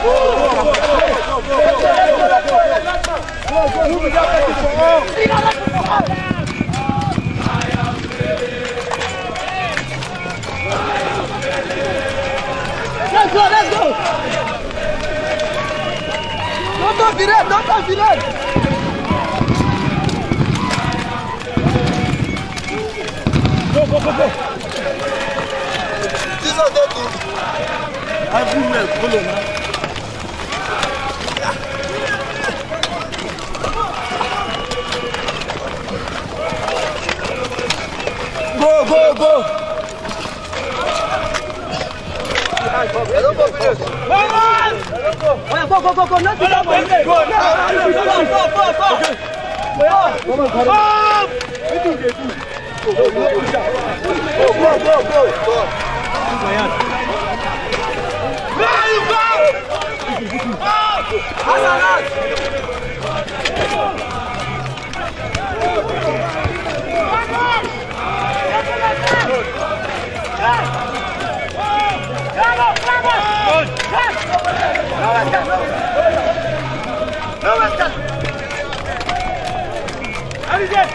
Let's go, let's go! Não tá virando, não tá virando! Go, go, go, go! This is the thing. I will not né? follow now. go. Go, go, go, go. Nothing. Go, go, go, go. Go, go, go, go. Go, go, go, go. Allez, viens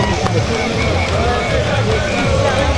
Thank you.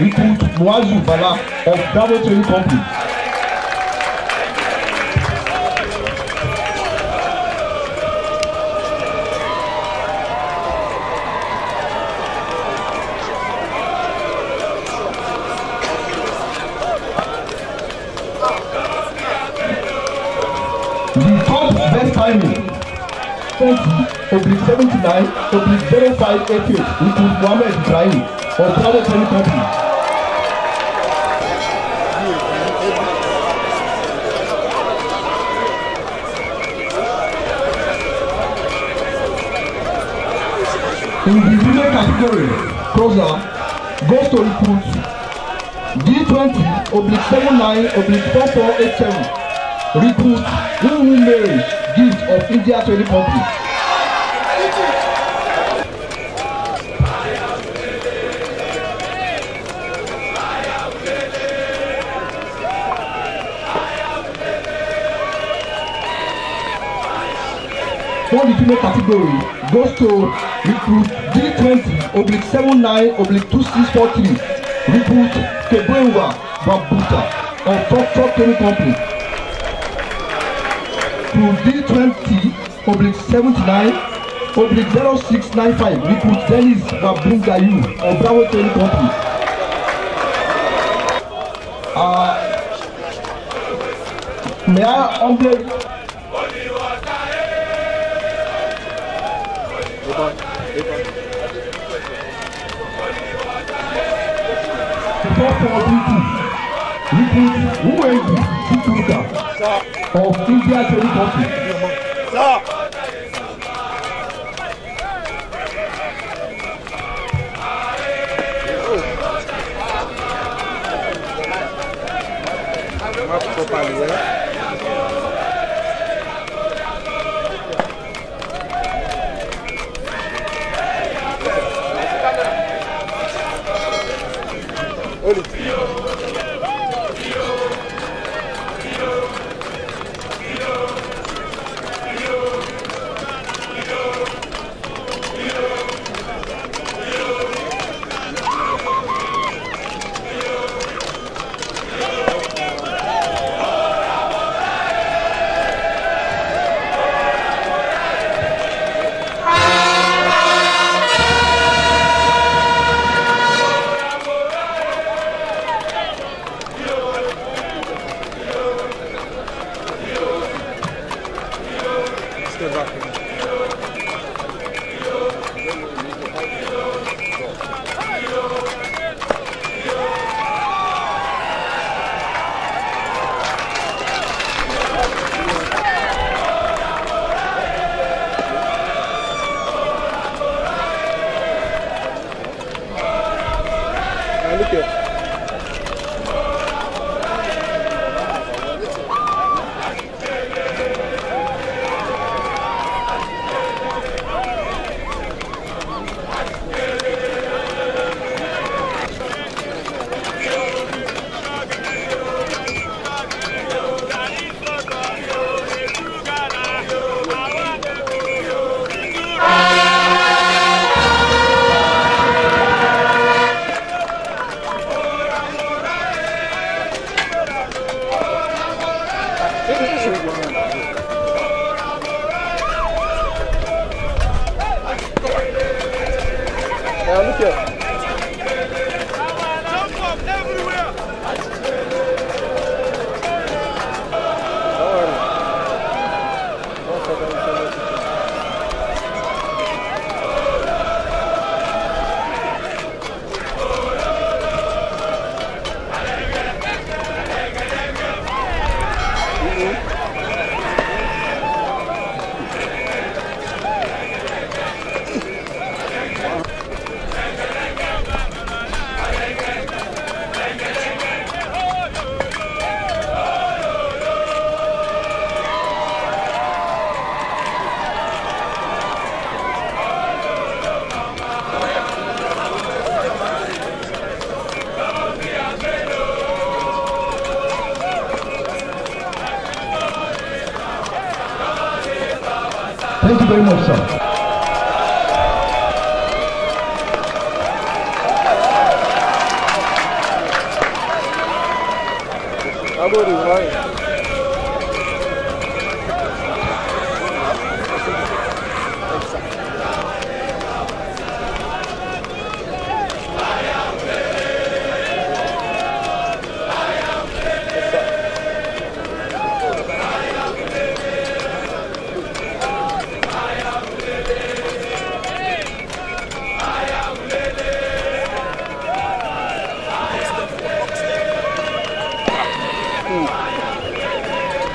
include Muazu Bala of Dabo Trading Company. The top best timing twenty oblique seventy nine oblique zero five eight eight include Mohammed Ibrahim of Dabo Trading Company. in the women category closer goes to recruit d20 oblique 79 oblique 4487 recruit who win marriage gift of india 20 country. One the female category goes to recruit D20 oblique 79 oblique 2643 recruit Kebwewa Babuta en Foxtrot Tele Company. Crew D20 oblique 79 oblique 0695 recruit Dennis Babungayu en Bravo Tele Company. Uh, may I humbly of India Trading Company. Sir. Properly, yeah. Good luck. Thank you very much, sir. I Agora vai.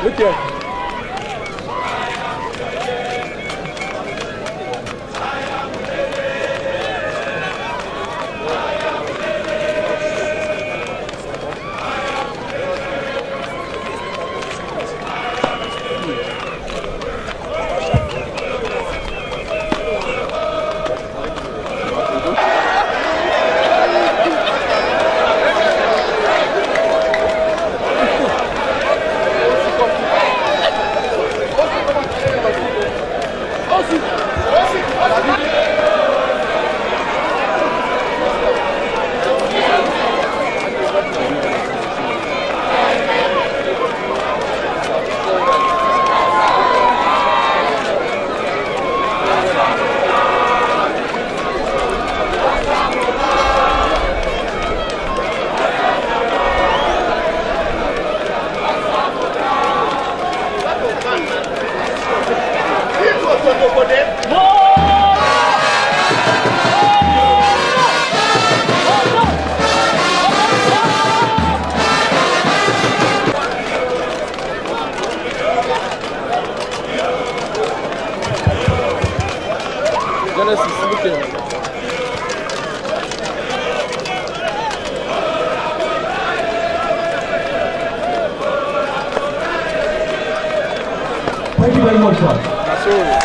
Look at Genesis looking. Thank you very much, sir. a b s o l u t l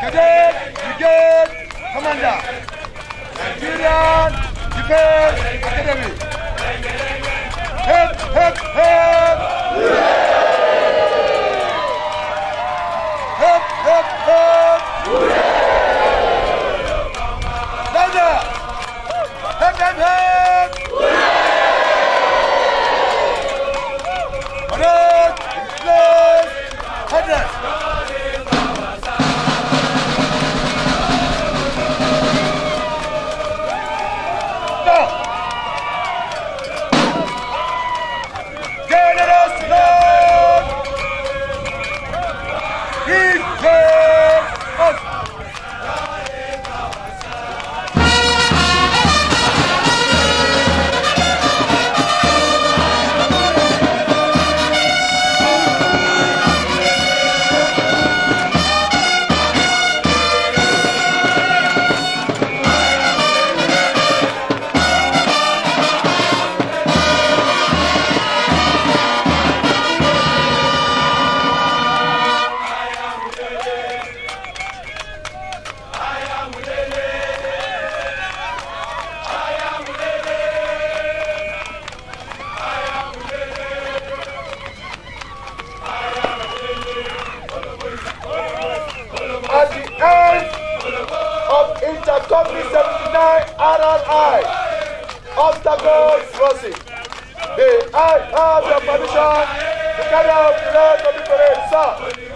You did, you did, Commander. Nigerian Defense Academy. Hip, hip, hip. I I, after God's mercy, the I have your permission to carry out the law to be parade, sir.